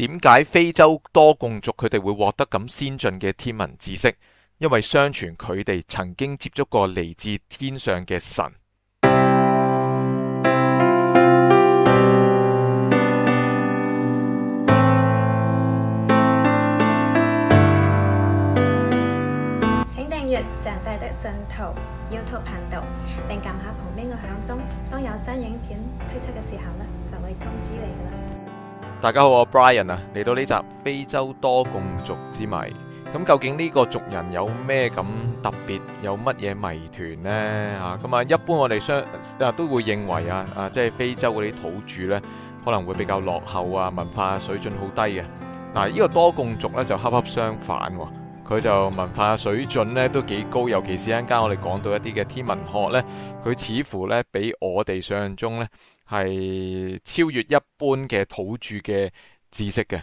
點解非洲多貢族佢哋會獲得咁先進嘅天文知識？因為相傳佢哋曾經接觸過嚟自天上嘅神。請訂閱上帝的信徒 YouTube 頻道，並撳下旁邊嘅響鐘，當有新影片推出嘅時候呢，就會通知你噶啦。大家好，我係 Brian 啊，嚟到呢集非洲多貢族之謎，咁究竟呢個族人有咩咁特別，有乜嘢謎團呢？吓咁啊，一般我哋相啊都會認為啊啊，即係非洲嗰啲土著呢可能會比較落後啊，文化水準好低嘅。嗱、啊，呢、這個多貢族呢就恰恰相反，佢、啊、就文化水準呢都幾高，尤其是一陣間我哋講到一啲嘅天文學呢，佢似乎呢比我哋想象中呢。係超越一般嘅土著嘅知識嘅。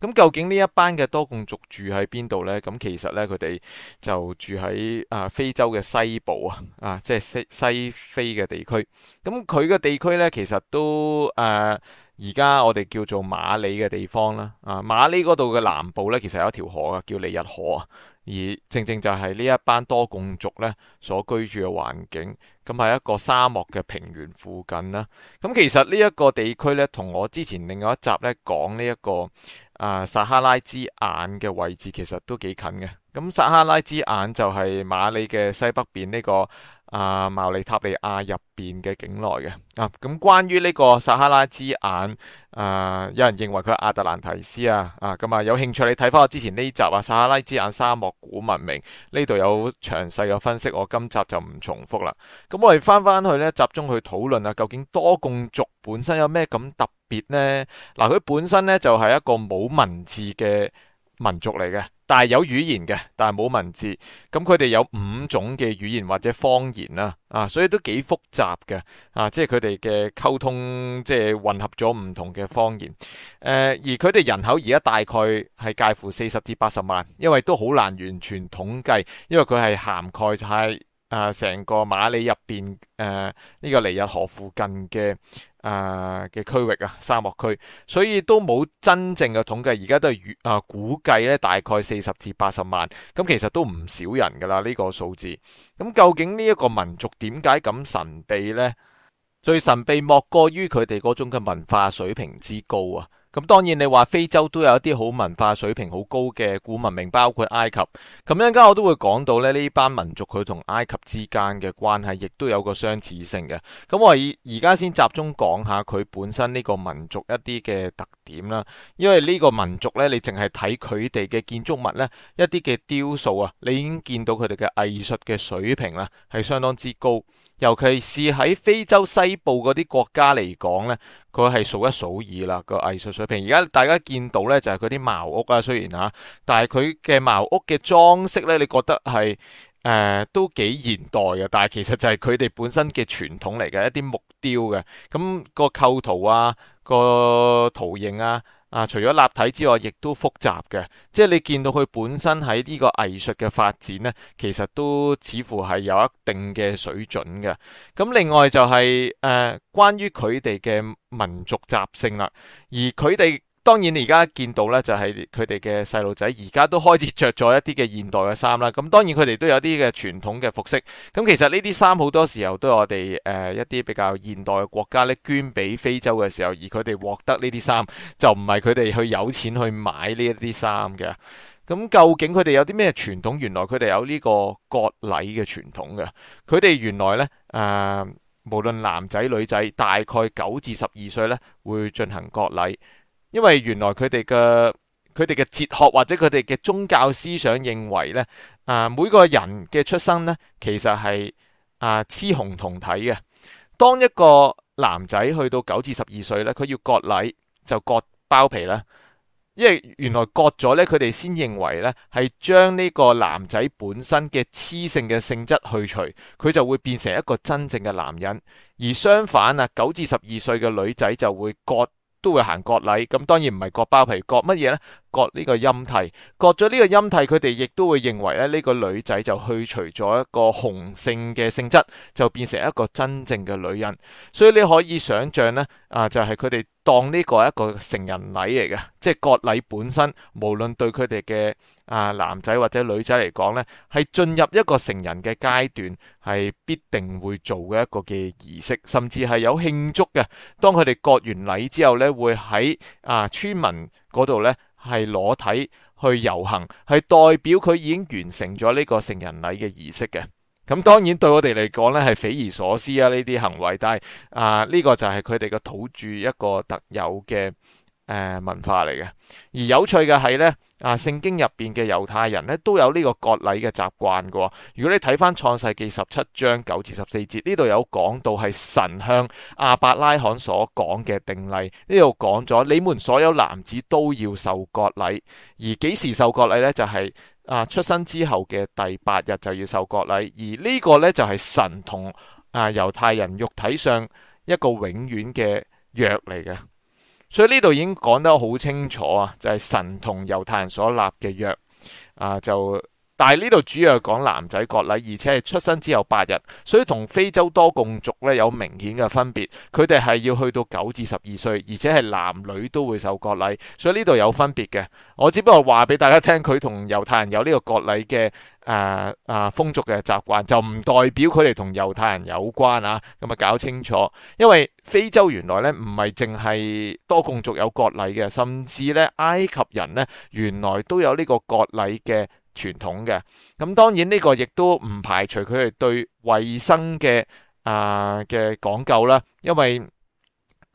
咁究竟呢一班嘅多貢族住喺邊度呢？咁其實呢，佢哋就住喺啊、呃、非洲嘅西部啊，啊即係西西非嘅地區。咁佢個地區呢，其實都誒而家我哋叫做馬里嘅地方啦。啊馬里嗰度嘅南部呢，其實有一條河嘅，叫尼日河啊。而正正就係呢一班多貢族呢所居住嘅環境。咁係一個沙漠嘅平原附近啦，咁其實呢一個地區呢，同我之前另外一集呢講呢一個啊撒哈拉之眼嘅位置，其實都幾近嘅。咁撒哈拉之眼就係馬里嘅西北邊呢個。啊，毛里塔利亞入邊嘅境內嘅啊，咁關於呢個撒哈拉之眼啊，有人認為佢係亞特蘭提斯啊、啊咁啊，有興趣你睇翻我之前呢集啊，撒哈拉之眼沙漠古文明呢度有詳細嘅分析，我今集就唔重複啦。咁我哋翻翻去咧，集中去討論啊，究竟多貢族本身有咩咁特別呢？嗱、啊，佢本身咧就係一個冇文字嘅民族嚟嘅。但係有語言嘅，但係冇文字。咁佢哋有五種嘅語言或者方言啦，啊，所以都幾複雜嘅，啊，即係佢哋嘅溝通，即係混合咗唔同嘅方言。呃，而佢哋人口而家大概係介乎四十至八十萬，因為都好難完全統計，因為佢係涵蓋就係。啊！成個馬里入邊，誒、啊、呢、這個尼日河附近嘅啊嘅區域啊，沙漠區，所、啊、以、啊啊、都冇真正嘅統計，而家都係越啊估計呢，大概四十至八十萬，咁、嗯、其實都唔少人㗎啦呢個數字。咁、嗯、究竟呢一個民族點解咁神秘呢？最神秘莫過於佢哋嗰種嘅文化水平之高啊！咁當然你話非洲都有一啲好文化水平好高嘅古文明，包括埃及。咁一陣間我都會講到咧呢班民族佢同埃及之間嘅關係，亦都有個相似性嘅。咁我而家先集中講下佢本身呢個民族一啲嘅特點啦。因為呢個民族呢，你淨係睇佢哋嘅建築物呢，一啲嘅雕塑啊，你已經見到佢哋嘅藝術嘅水平啦，係相當之高。尤其是喺非洲西部嗰啲國家嚟講呢，佢係數一數二啦個藝術水平。而家大家見到呢就係嗰啲茅屋啊，雖然嚇，但係佢嘅茅屋嘅裝飾呢，你覺得係誒、呃、都幾現代嘅，但係其實就係佢哋本身嘅傳統嚟嘅一啲木雕嘅，咁、那個構圖啊，個圖形啊。啊！除咗立體之外，亦都複雜嘅，即係你見到佢本身喺呢個藝術嘅發展呢，其實都似乎係有一定嘅水準嘅。咁、啊、另外就係、是、誒、呃，關於佢哋嘅民族習性啦，而佢哋。當然，你而家見到呢，就係佢哋嘅細路仔，而家都開始着咗一啲嘅現代嘅衫啦。咁當然佢哋都有啲嘅傳統嘅服飾。咁其實呢啲衫好多時候都係我哋誒、呃、一啲比較現代嘅國家咧捐俾非洲嘅時候，而佢哋獲得呢啲衫就唔係佢哋去有錢去買呢一啲衫嘅。咁究竟佢哋有啲咩傳統？原來佢哋有呢個割禮嘅傳統嘅。佢哋原來呢，誒、呃，無論男仔女仔，大概九至十二歲呢，會進行割禮。因為原來佢哋嘅、佢哋嘅哲學或者佢哋嘅宗教思想認為呢，啊，每個人嘅出生呢，其實係，啊，雌雄同體嘅。當一個男仔去到九至十二歲呢，佢要割禮，就割包皮啦。因為原來割咗呢，佢哋先認為呢係將呢個男仔本身嘅雌性嘅性質去除，佢就會變成一個真正嘅男人。而相反啊，九至十二歲嘅女仔就會割。都會行割禮，咁當然唔係割包皮，割乜嘢咧？割呢個陰蒂，割咗呢個陰蒂，佢哋亦都會認為咧，呢、這個女仔就去除咗一個雄性嘅性質，就變成一個真正嘅女人。所以你可以想象呢，啊，就係佢哋當呢個一個成人禮嚟嘅，即係割禮本身，無論對佢哋嘅啊男仔或者女仔嚟講呢，係進入一個成人嘅階段，係必定會做嘅一個嘅儀式，甚至係有慶祝嘅。當佢哋割完禮之後呢，會喺啊村民嗰度呢。係裸體去遊行，係代表佢已經完成咗呢個成人禮嘅儀式嘅。咁當然對我哋嚟講咧，係匪夷所思啊，呢啲行為，但係啊，呢個就係佢哋嘅土著一個特有嘅誒、呃、文化嚟嘅。而有趣嘅係咧。啊！聖經入邊嘅猶太人咧都有呢個割禮嘅習慣嘅。如果你睇翻創世記十七章九至十四節，呢度有講到係神向阿伯拉罕所講嘅定例。呢度講咗，你們所有男子都要受割禮，而幾時受割禮呢？就係、是、啊出生之後嘅第八日就要受割禮。而呢個呢，就係、是、神同啊猶太人肉體上一個永遠嘅約嚟嘅。所以呢度已經講得好清楚啊，就係神同猶太人所立嘅約啊，就但係呢度主要係講男仔割禮，而且係出生之後八日，所以同非洲多貢族咧有明顯嘅分別。佢哋係要去到九至十二歲，而且係男女都會受割禮，所以呢度有分別嘅。我只不過話俾大家聽，佢同猶太人有呢個割禮嘅。誒誒，風俗嘅習慣就唔代表佢哋同猶太人有關啊，咁啊搞清楚，因為非洲原來咧唔係淨係多貢族有割禮嘅，甚至咧埃及人咧原來都有呢個割禮嘅傳統嘅，咁、啊、當然呢個亦都唔排除佢哋對衛生嘅啊嘅講究啦，因為。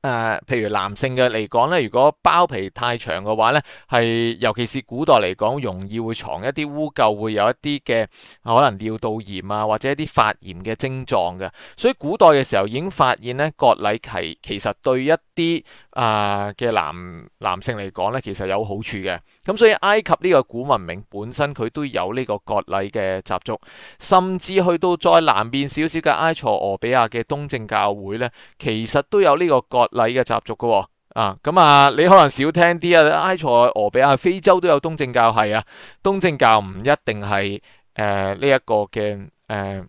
誒、呃，譬如男性嘅嚟講咧，如果包皮太長嘅話咧，係尤其是古代嚟講，容易會藏一啲污垢，會有一啲嘅可能尿道炎啊，或者一啲發炎嘅症狀嘅。所以古代嘅時候已經發現咧，割禮係其實對一啲啊嘅男男性嚟講咧，其實有好處嘅。咁所以埃及呢個古文明本身佢都有呢個割禮嘅習俗，甚至去到再南邊少少嘅埃塞俄比亞嘅東正教會咧，其實都有呢個割禮。禮嘅習俗嘅喎、哦，啊咁啊、嗯，你可能少聽啲啊，埃塞俄比亞、非洲都有東正教係啊、嗯，東正教唔一定係誒呢一個嘅誒、呃、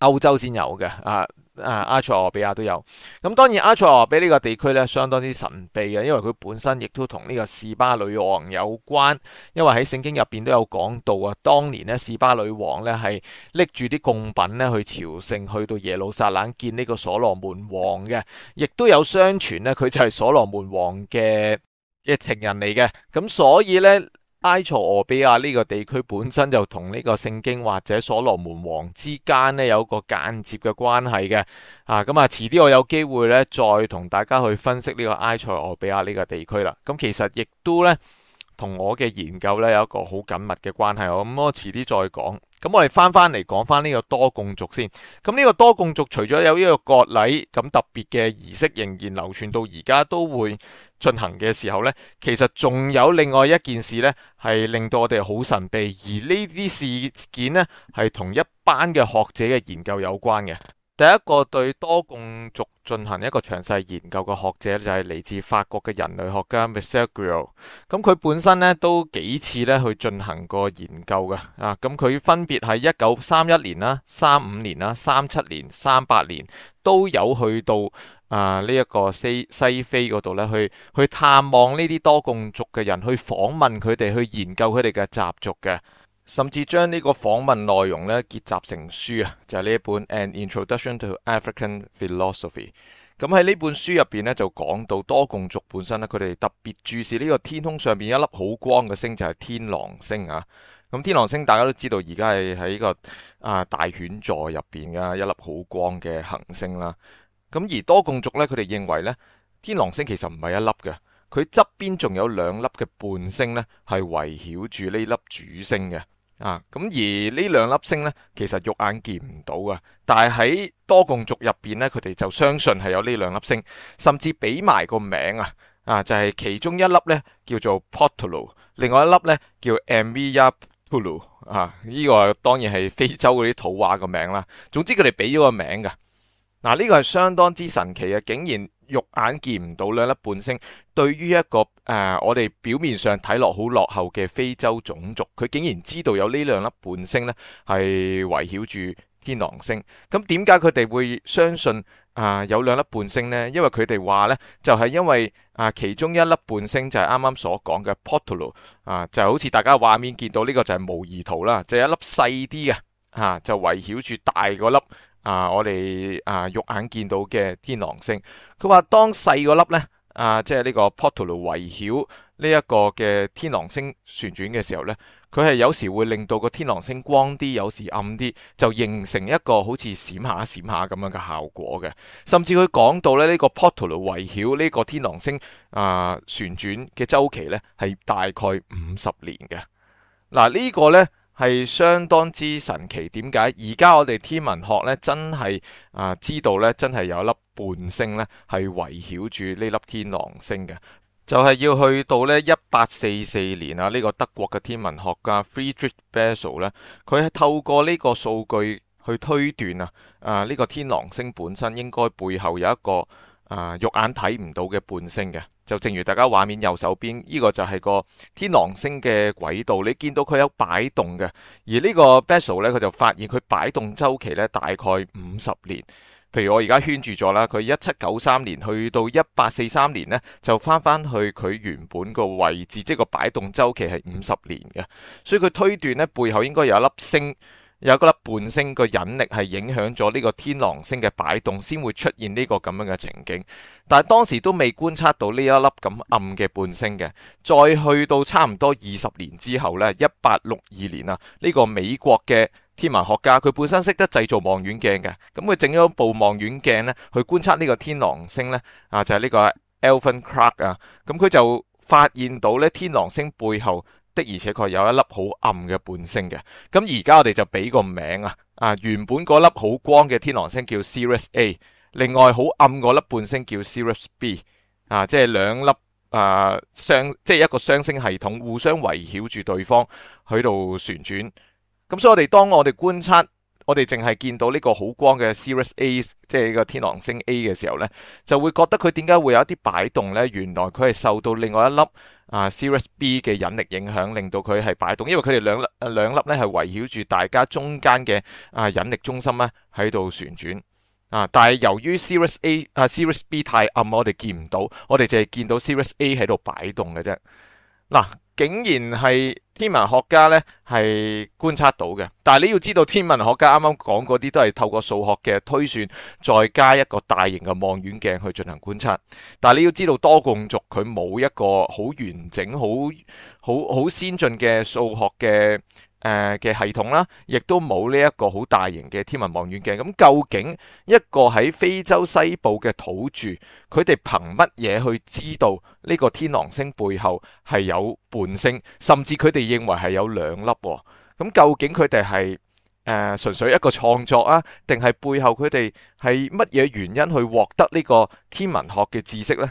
歐洲先有嘅啊。啊，阿塞俄比亞都有，咁當然阿塞俄比呢個地區咧相當之神秘嘅，因為佢本身亦都同呢個士巴女王有關，因為喺聖經入邊都有講到啊，當年咧士巴女王咧係拎住啲貢品咧去朝聖，去到耶路撒冷見呢個所羅門王嘅，亦都有相傳咧佢就係所羅門王嘅嘅情人嚟嘅，咁所以咧。埃塞俄比亞呢個地區本身就同呢個聖經或者所羅門王之間呢有一個間接嘅關係嘅，啊，咁啊，遲啲我有機會呢再同大家去分析呢個埃塞俄比亞呢個地區啦。咁其實亦都呢同我嘅研究呢有一個好緊密嘅關係，嗯，我咁我遲啲再講。咁我哋翻翻嚟講翻呢個多貢族先。咁呢個多貢族除咗有呢個割禮咁特別嘅儀式，仍然流傳到而家都會。進行嘅時候呢，其實仲有另外一件事呢，係令到我哋好神秘，而呢啲事件呢，係同一班嘅學者嘅研究有關嘅。第一個對多貢族進行一個詳細研究嘅學者就係嚟自法國嘅人類學家 Mr. Gril，咁佢本身咧都幾次咧去進行過研究嘅。啊，咁佢分別喺一九三一年啦、三五年啦、三七年、三八年都有去到啊呢一個西西非嗰度咧去去探望呢啲多貢族嘅人，去訪問佢哋，去研究佢哋嘅習俗嘅。甚至將呢個訪問內容咧結集成書啊，就係呢一本《An Introduction to African Philosophy》。咁喺呢本書入邊咧，就講到多貢族本身咧，佢哋特別注視呢個天空上邊一粒好光嘅星，就係天狼星啊。咁、嗯、天狼星大家都知道在在、這個，而家係喺個啊大犬座入邊嘅一粒好光嘅行星啦。咁、嗯、而多貢族咧，佢哋認為咧，天狼星其實唔係一粒嘅，佢側邊仲有兩粒嘅伴星咧，係圍繞住呢粒主星嘅。啊，咁而呢兩粒星呢，其實肉眼見唔到噶，但係喺多共族入邊呢，佢哋就相信係有呢兩粒星，甚至俾埋個名啊，啊就係、是、其中一粒呢叫做 p o t u l o 另外一粒呢叫 Mvya p o l o 啊呢、這個當然係非洲嗰啲土話個名啦。總之佢哋俾咗個名噶，嗱、啊、呢、這個係相當之神奇嘅，竟然。肉眼見唔到兩粒伴星，對於一個誒、呃，我哋表面上睇落好落後嘅非洲種族，佢竟然知道有呢兩粒伴星咧，係圍繞住天狼星。咁點解佢哋會相信啊、呃、有兩粒伴星呢？因為佢哋話呢，就係、是、因為啊、呃、其中一粒伴星就係啱啱所講嘅 Potolo 啊，就好似大家畫面見到呢、這個就係模擬圖啦，就是、一粒細啲嘅啊，就圍繞住大個粒。啊！我哋啊肉眼見到嘅天狼星，佢話當細個粒呢，啊，即係呢個 Po Tolo 圍繞呢一個嘅天狼星旋轉嘅時候呢，佢係有時會令到個天狼星光啲，有時暗啲，就形成一個好似閃下閃下咁樣嘅效果嘅。甚至佢講到咧呢、這個 Po Tolo 圍繞呢個天狼星啊旋轉嘅周期呢，係大概五十年嘅。嗱、啊、呢、這個呢。係相當之神奇，點解？而家我哋天文學呢？真係啊、呃、知道呢，真係有粒伴星呢，係圍繞住呢粒天狼星嘅。就係、是，要去到呢一八四四年啊，呢、這個德國嘅天文學家 Friedrich Bessel 呢，咧，佢係透過呢個數據去推斷啊啊呢個天狼星本身應該背後有一個。啊！肉眼睇唔到嘅伴星嘅，就正如大家畫面右手邊呢、呢個就係個天狼星嘅軌道，你見到佢有擺動嘅。而個呢個 Bessel 咧，佢就發現佢擺動周期咧，大概五十年。譬如我而家圈住咗啦，佢一七九三年去到一八四三年呢，就翻翻去佢原本個位置，即係個擺動周期係五十年嘅。所以佢推斷呢，背後應該有一粒星。有一粒伴星個引力係影響咗呢個天狼星嘅擺動，先會出現呢個咁樣嘅情景。但係當時都未觀察到呢一粒咁暗嘅伴星嘅。再去到差唔多二十年之後呢，一八六二年啊，呢、呢個美國嘅天文學家佢本身識得製造望遠鏡嘅，咁佢整咗部望遠鏡呢去觀察呢個天狼星呢，啊就係、是、呢個 Alvan Clark 啊，咁佢就發現到呢天狼星背後。的而且確有一粒好暗嘅伴星嘅，咁而家我哋就俾個名啊，啊原本嗰粒好光嘅天狼星叫 Sirius A，另外好暗嗰粒伴星叫 Sirius B，啊即係兩粒啊雙即係一個雙星系統，互相圍繞住對方喺度旋轉，咁所以我哋當我哋觀察。我哋淨係見到呢個好光嘅 Sirius A，即係呢個天狼星 A 嘅時候呢，就會覺得佢點解會有一啲擺動呢？原來佢係受到另外一粒啊 Sirius B 嘅引力影響，令到佢係擺動。因為佢哋兩粒兩粒咧係圍繞住大家中間嘅啊引力中心呢喺度旋轉啊。但係由於 Sirius A 啊 Sirius B 太暗，我哋見唔到，我哋淨係見到 Sirius A 喺度擺動嘅啫。嗱。竟然係天文學家呢係觀察到嘅，但係你要知道天文學家啱啱講嗰啲都係透過數學嘅推算，再加一個大型嘅望遠鏡去進行觀察。但係你要知道多貢族佢冇一個好完整、好好好先進嘅數學嘅。誒嘅系統啦，亦都冇呢一個好大型嘅天文望遠鏡。咁究竟一個喺非洲西部嘅土著，佢哋憑乜嘢去知道呢個天狼星背後係有伴星，甚至佢哋認為係有兩粒喎？咁究竟佢哋係誒純粹一個創作啊，定係背後佢哋係乜嘢原因去獲得呢個天文學嘅知識呢？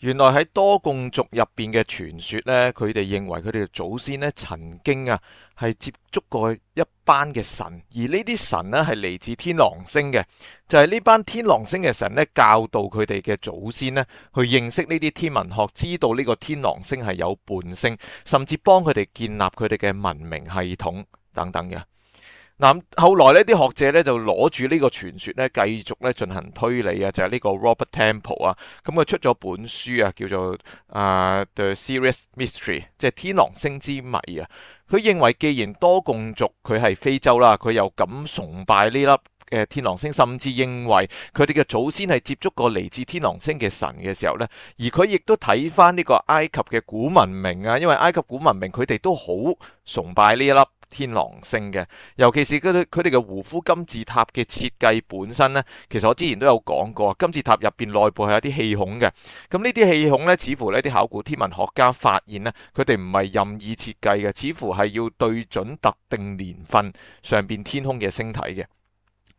原來喺多貢族入邊嘅傳說呢，佢哋認為佢哋嘅祖先咧曾經啊係接觸過一班嘅神，而呢啲神咧係嚟自天狼星嘅，就係呢班天狼星嘅神呢教導佢哋嘅祖先咧去認識呢啲天文學，知道呢個天狼星係有伴星，甚至幫佢哋建立佢哋嘅文明系統等等嘅。嗱，後來咧啲學者咧就攞住呢個傳說咧，繼續咧進行推理啊，就係呢個 Robert Temple 啊，咁佢出咗本書啊，叫做《啊、uh, The Sirius Mystery》，即係天狼星之謎啊。佢認為既然多共族佢係非洲啦，佢又咁崇拜呢粒嘅天狼星，甚至認為佢哋嘅祖先係接觸過嚟自天狼星嘅神嘅時候咧，而佢亦都睇翻呢個埃及嘅古文明啊，因為埃及古文明佢哋都好崇拜呢一粒天狼星嘅，尤其是佢哋佢哋嘅胡夫金字塔嘅設計本身咧，其實我之前都有講過金字塔入邊內部係有啲氣孔嘅，咁呢啲氣孔咧，似乎呢啲考古天文學家發現咧，佢哋唔係任意設計嘅，似乎係要對準特定年份上邊天空嘅星體嘅，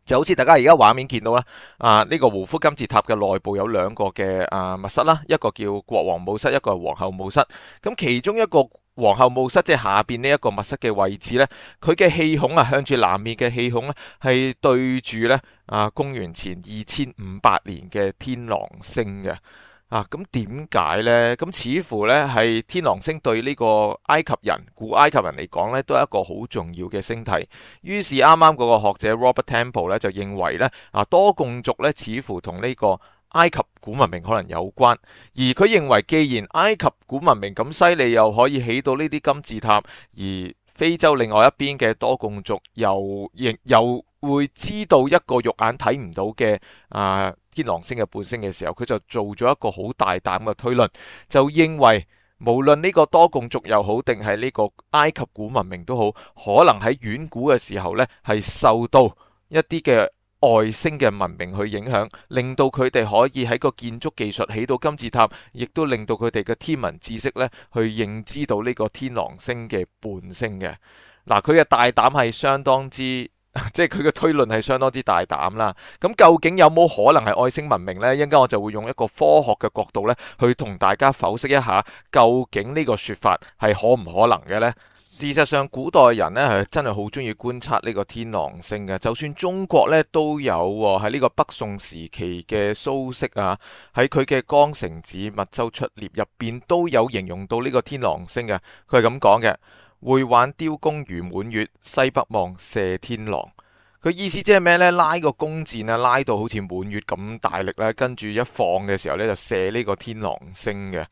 就好似大家而家畫面見到啦，啊呢個胡夫金字塔嘅內部有兩個嘅啊密室啦，一個叫國王墓室，一個係皇后墓室，咁其中一個。皇后墓室即係下邊呢一個密室嘅位置呢佢嘅氣孔啊向住南面嘅氣孔呢係對住呢啊公元前二千五百年嘅天狼星嘅啊咁點解呢？咁似乎呢係天狼星對呢個埃及人古埃及人嚟講呢都係一個好重要嘅星體。於是啱啱嗰個學者 Robert Temple 呢就認為呢，啊多貢族呢似乎同呢、這個。埃及古文明可能有關，而佢認為既然埃及古文明咁犀利，又可以起到呢啲金字塔，而非洲另外一邊嘅多貢族又亦又會知道一個肉眼睇唔到嘅啊、呃、天狼星嘅伴星嘅時候，佢就做咗一個好大膽嘅推論，就認為無論呢個多貢族又好，定係呢個埃及古文明都好，可能喺遠古嘅時候呢，係受到一啲嘅。外星嘅文明去影響，令到佢哋可以喺個建築技術起到金字塔，亦都令到佢哋嘅天文知識咧，去認知到呢個天狼星嘅伴星嘅。嗱，佢嘅大膽係相當之。即係佢嘅推論係相當之大膽啦。咁究竟有冇可能係外星文明呢？一陣間我就會用一個科學嘅角度呢，去同大家剖析一下究竟呢個說法係可唔可能嘅呢？事實上，古代人呢係真係好中意觀測呢個天狼星嘅。就算中國呢都有喺呢個北宋時期嘅蘇軾啊，喺佢嘅《江城子密州出獵》入邊都有形容到呢個天狼星嘅。佢係咁講嘅。會挽雕弓如滿月，西北望射天狼。佢意思即係咩呢？拉個弓箭啊，拉到好似滿月咁大力咧，跟住一放嘅時候呢，就射呢個天狼星嘅。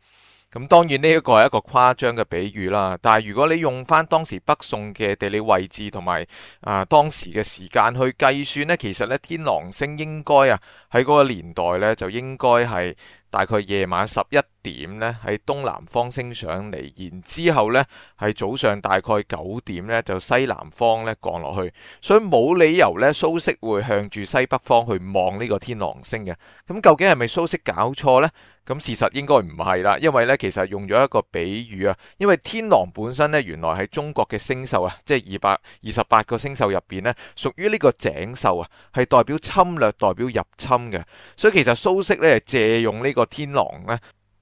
咁當然呢一個係一個誇張嘅比喻啦，但係如果你用翻當時北宋嘅地理位置同埋啊當時嘅時間去計算呢，其實呢天狼星應該啊喺嗰個年代呢，就應該係大概夜晚十一點呢喺東南方升上嚟，然之後呢係早上大概九點呢就西南方呢降落去，所以冇理由呢，蘇軾會向住西北方去望呢個天狼星嘅。咁究竟係咪蘇軾搞錯呢？咁事實應該唔係啦，因為呢其實用咗一個比喻啊，因為天狼本身呢，原來喺中國嘅星宿啊，即係二百二十八個星宿入邊呢，屬於呢個井宿啊，係代表侵略、代表入侵嘅，所以其實蘇軾呢借用呢個天狼呢，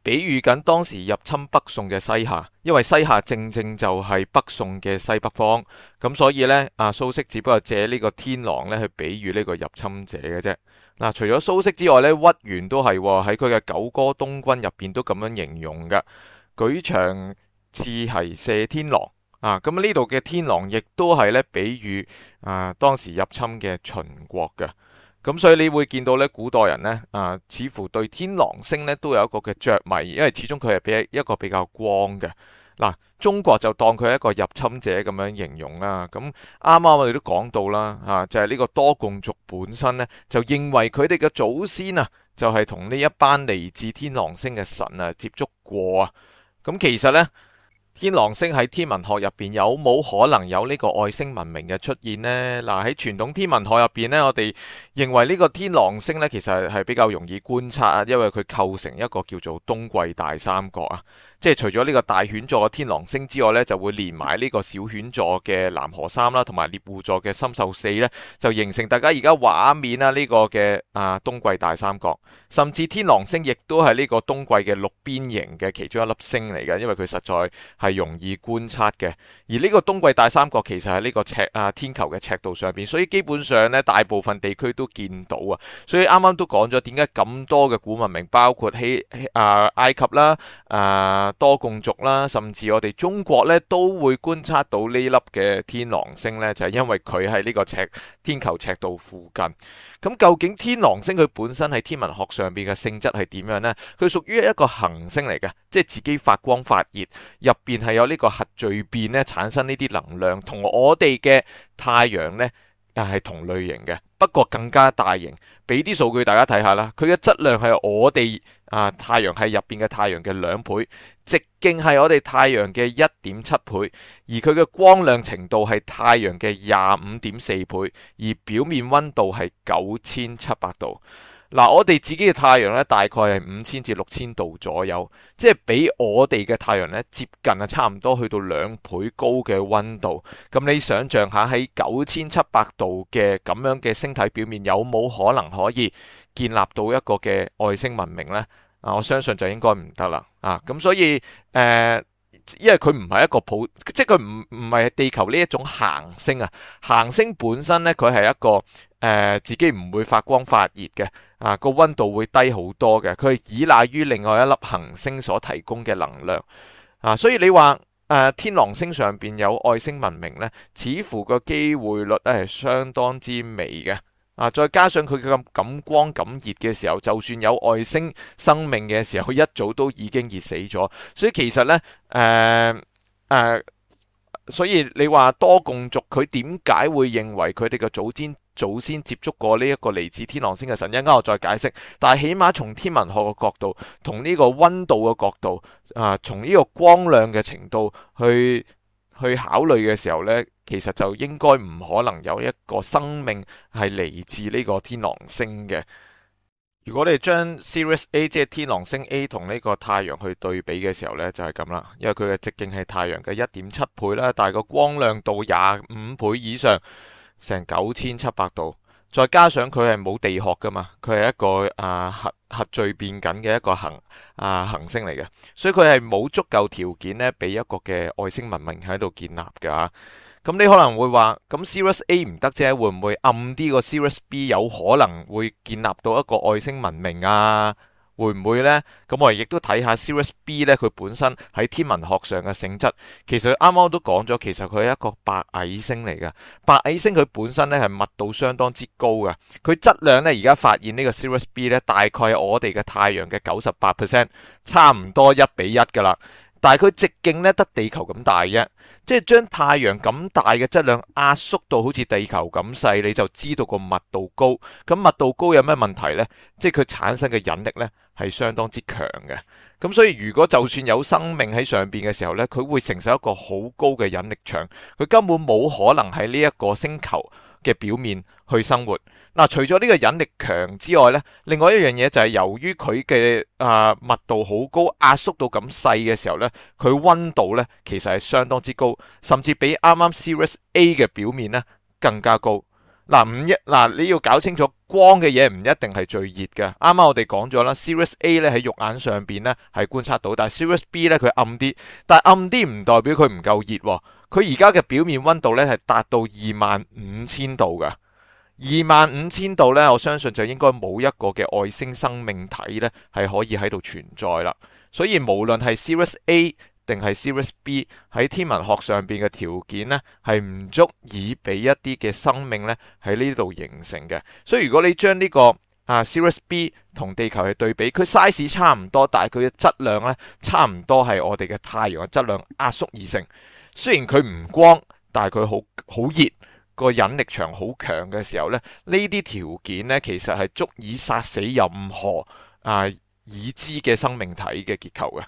比喻緊當時入侵北宋嘅西夏，因為西夏正正就係北宋嘅西北方，咁所以呢，啊蘇軾只不過借呢個天狼咧去比喻呢個入侵者嘅啫。嗱、啊，除咗蘇軾之外咧，屈原都係喺佢嘅《九歌東君》入邊都咁樣形容嘅，舉長矢兮射天狼啊！咁呢度嘅天狼亦都係咧比喻啊當時入侵嘅秦國嘅。咁所以你會見到咧，古代人呢，啊，似乎對天狼星呢都有一個嘅着迷，因為始終佢係俾一個比較光嘅。嗱，啊，中國就當佢係一個入侵者咁樣形容啦。咁啱啱我哋都講到啦，啊，就係呢個多貢族本身呢，就認為佢哋嘅祖先啊，就係同呢一班嚟自天狼星嘅神啊接觸過啊。咁其實呢。天狼星喺天文學入邊有冇可能有呢個外星文明嘅出現呢？嗱，喺傳統天文學入邊咧，我哋認為呢個天狼星咧，其實係比較容易觀察啊，因為佢構成一個叫做冬季大三角啊，即係除咗呢個大犬座嘅天狼星之外咧，就會連埋呢個小犬座嘅南河三啦，同埋獵戶座嘅參宿四咧，就形成大家而家畫面啦呢個嘅啊冬季大三角。甚至天狼星亦都係呢個冬季嘅六邊形嘅其中一粒星嚟嘅，因為佢實在係容易觀測嘅，而呢個冬季大三角其實喺呢個赤啊天球嘅赤道上邊，所以基本上咧大部分地區都見到啊。所以啱啱都講咗，點解咁多嘅古文明，包括喺啊埃及啦誒、啊、多貢族啦，甚至我哋中國咧都會觀測到呢粒嘅天狼星咧，就係、是、因為佢喺呢個赤天球赤道附近。咁究竟天狼星佢本身喺天文學上邊嘅性質係點樣咧？佢屬於一個恆星嚟嘅，即係自己發光發熱入邊。係有呢個核聚變咧，產生呢啲能量，同我哋嘅太陽呢又係、啊、同類型嘅，不過更加大型。俾啲數據大家睇下啦，佢嘅質量我、啊、係我哋啊太陽系入邊嘅太陽嘅兩倍，直徑係我哋太陽嘅一點七倍，而佢嘅光亮程度係太陽嘅廿五點四倍，而表面溫度係九千七百度。嗱，我哋自己嘅太陽咧，大概係五千至六千度左右，即係比我哋嘅太陽咧接近啊，差唔多去到兩倍高嘅温度。咁你想象下喺九千七百度嘅咁樣嘅星體表面，有冇可能可以建立到一個嘅外星文明呢？啊，我相信就應該唔得啦。啊，咁所以誒。呃因為佢唔係一個普，即係佢唔唔係地球呢一種行星啊。行星本身呢，佢係一個誒、呃、自己唔會發光發熱嘅啊，個温度會低好多嘅。佢係依賴於另外一粒行星所提供嘅能量啊。所以你話誒、呃、天狼星上邊有外星文明呢，似乎個機會率咧係相當之微嘅。啊！再加上佢嘅咁光咁熱嘅時候，就算有外星生命嘅時候，佢一早都已經熱死咗。所以其實呢，誒、呃、誒、呃，所以你話多貢族，佢點解會認為佢哋嘅祖先祖先接觸過呢一個嚟自天狼星嘅神？一陣間我再解釋。但係起碼從天文學嘅角度，同呢個溫度嘅角度啊，從、呃、呢個光亮嘅程度去，去考慮嘅時候呢，其實就應該唔可能有一個生命係嚟自呢個天狼星嘅。如果你將 Sirius A，即係天狼星 A 同呢個太陽去對比嘅時候呢，就係咁啦，因為佢嘅直徑係太陽嘅一點七倍啦，但係個光亮度廿五倍以上，成九千七百度，再加上佢係冇地殼噶嘛，佢係一個啊核。核聚變緊嘅一個行啊、呃、恒星嚟嘅，所以佢係冇足夠條件咧，俾一個嘅外星文明喺度建立嘅。咁你可能會話，咁 Series A 唔得啫，會唔會暗啲個 Series B 有可能會建立到一個外星文明啊？會唔會呢？咁我亦都睇下 Sirius B 咧，佢本身喺天文學上嘅性質。其實啱啱都講咗，其實佢係一個白矮星嚟噶。白矮星佢本身咧，係密度相當之高噶。佢質量咧，而家發現個呢個 Sirius B 咧，大概我哋嘅太陽嘅九十八 percent，差唔多一比一噶啦。但係佢直徑咧，得地球咁大啫，即係將太陽咁大嘅質量壓縮到好似地球咁細，你就知道個密度高。咁密度高有咩問題呢？即係佢產生嘅引力呢。係相當之強嘅，咁所以如果就算有生命喺上邊嘅時候，呢佢會承受一個好高嘅引力場，佢根本冇可能喺呢一個星球嘅表面去生活。嗱，除咗呢個引力場之外，呢另外一樣嘢就係由於佢嘅啊密度好高，壓縮到咁細嘅時候，呢佢溫度呢其實係相當之高，甚至比啱啱 Sirius A 嘅表面呢更加高。嗱，唔一嗱，你要搞清楚光嘅嘢唔一定最熱剛剛係最熱嘅。啱啱我哋講咗啦 Sirius A 咧喺肉眼上邊咧係觀察到，但係 Sirius B 咧佢暗啲，但係暗啲唔代表佢唔夠熱。佢而家嘅表面温度咧係達到二萬五千度噶，二萬五千度咧我相信就應該冇一個嘅外星生命體咧係可以喺度存在啦。所以無論係 Sirius A。定係 Sirius B 喺天文學上邊嘅條件呢，係唔足以俾一啲嘅生命呢喺呢度形成嘅。所以如果你將呢個啊 Sirius B 同地球嘅對比，佢 size 差唔多，但係佢嘅質量呢，差唔多係我哋嘅太陽嘅質量壓縮而成。雖然佢唔光，但係佢好好熱，個引力場好強嘅時候呢，呢啲條件呢，其實係足以殺死任何啊已知嘅生命體嘅結構嘅。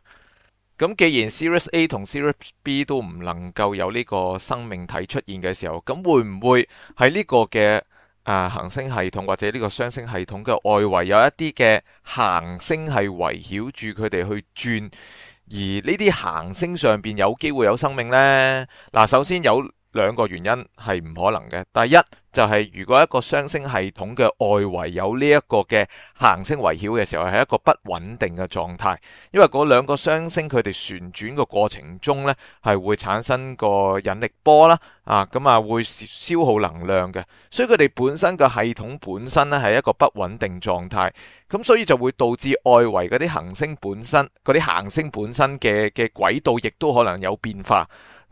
咁既然 Sirius A 同 Sirius B 都唔能夠有呢個生命體出現嘅時候，咁會唔會喺呢個嘅啊行星系統或者呢個雙星系統嘅外圍有一啲嘅行星係圍繞住佢哋去轉，而呢啲行星上邊有機會有生命呢？嗱，首先有兩個原因係唔可能嘅。第一就係、是、如果一個雙星系統嘅外圍有呢一個嘅行星圍繞嘅時候，係一個不穩定嘅狀態，因為嗰兩個雙星佢哋旋轉嘅過程中呢係會產生個引力波啦，啊咁啊會消耗能量嘅，所以佢哋本身個系統本身呢係一個不穩定狀態，咁所以就會導致外圍嗰啲行星本身嗰啲行星本身嘅嘅軌道亦都可能有變化。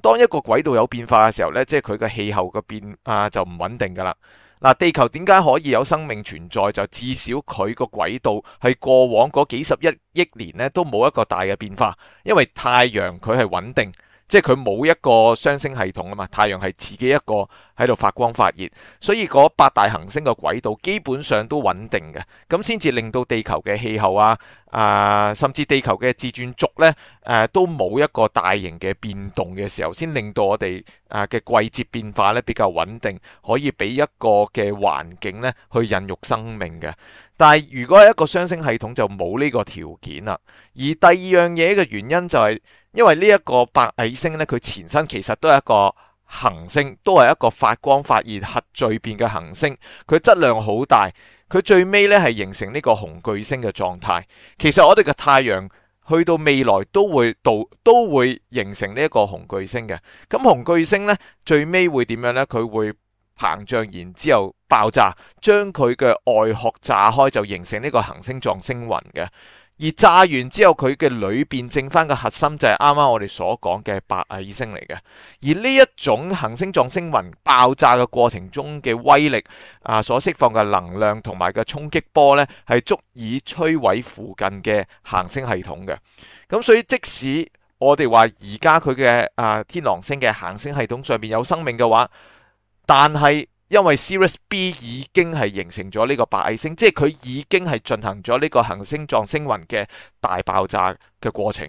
當一個軌道有變化嘅時候呢，即係佢嘅氣候嘅變啊就唔穩定噶啦。嗱，地球點解可以有生命存在？就至少佢個軌道係過往嗰幾十億億年呢都冇一個大嘅變化，因為太陽佢係穩定，即係佢冇一個雙星系統啊嘛。太陽係自己一個，喺度發光發熱，所以嗰八大行星嘅軌道基本上都穩定嘅，咁先至令到地球嘅氣候啊，啊、呃，甚至地球嘅自轉軸呢，誒、呃，都冇一個大型嘅變動嘅時候，先令到我哋啊嘅季節變化呢比較穩定，可以俾一個嘅環境呢去孕育生命嘅。但係如果係一個雙星系統，就冇呢個條件啦。而第二樣嘢嘅原因就係、是、因為呢一個白矮星呢，佢前身其實都係一個，恆星都係一個發光發熱核聚變嘅恆星，佢質量好大，佢最尾呢係形成呢個紅巨星嘅狀態。其實我哋嘅太陽去到未來都會到都會形成呢一個紅巨星嘅。咁紅巨星呢，最尾會點樣呢？佢會膨脹然之後爆炸，將佢嘅外殼炸開，就形成呢個行星狀星雲嘅。而炸完之後，佢嘅裏邊剩翻嘅核心就係啱啱我哋所講嘅白矮星嚟嘅。而呢一種行星狀星雲爆炸嘅過程中嘅威力啊，所釋放嘅能量同埋個衝擊波呢係足以摧毀附近嘅行星系統嘅。咁所以即使我哋話而家佢嘅啊天狼星嘅行星系統上面有生命嘅話，但係。因為 Sirius B 已經係形成咗呢個白矮星，即係佢已經係進行咗呢個行星狀星雲嘅大爆炸嘅過程，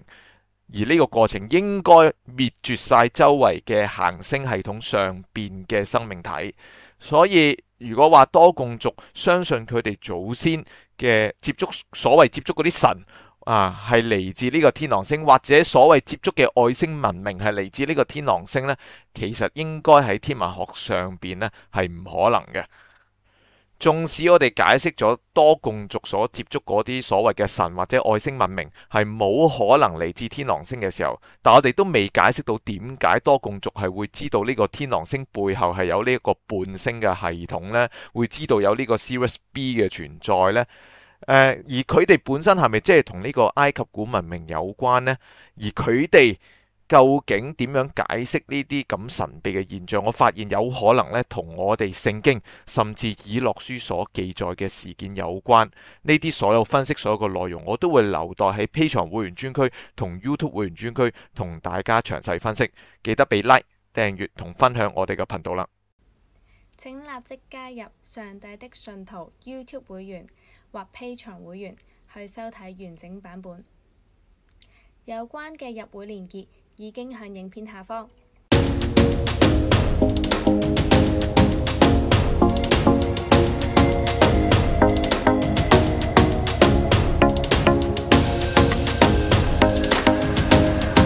而呢個過程應該滅絕晒周圍嘅行星系統上邊嘅生命體，所以如果話多貢族相信佢哋祖先嘅接觸，所謂接觸嗰啲神。啊，係嚟自呢個天狼星或者所謂接觸嘅外星文明係嚟自呢個天狼星呢，其實應該喺天文學上邊咧係唔可能嘅。縱使我哋解釋咗多貢族所接觸嗰啲所謂嘅神或者外星文明係冇可能嚟自天狼星嘅時候，但我哋都未解釋到點解多貢族係會知道呢個天狼星背後係有呢一個伴星嘅系統呢，會知道有呢個 Sirius B 嘅存在呢。誒、呃，而佢哋本身係咪即係同呢個埃及古文明有關呢？而佢哋究竟點樣解釋呢啲咁神秘嘅現象？我發現有可能呢，同我哋聖經甚至以諾書所記載嘅事件有關。呢啲所有分析，所有個內容，我都會留待喺 P 藏會員專區同 YouTube 會員專區同大家詳細分析。記得俾 like、訂閱同分享我哋個頻道啦！請立即加入上帝的信徒 YouTube 會員。或 Patreon 會員去收睇完整版本。有關嘅入會連結已經向影片下方。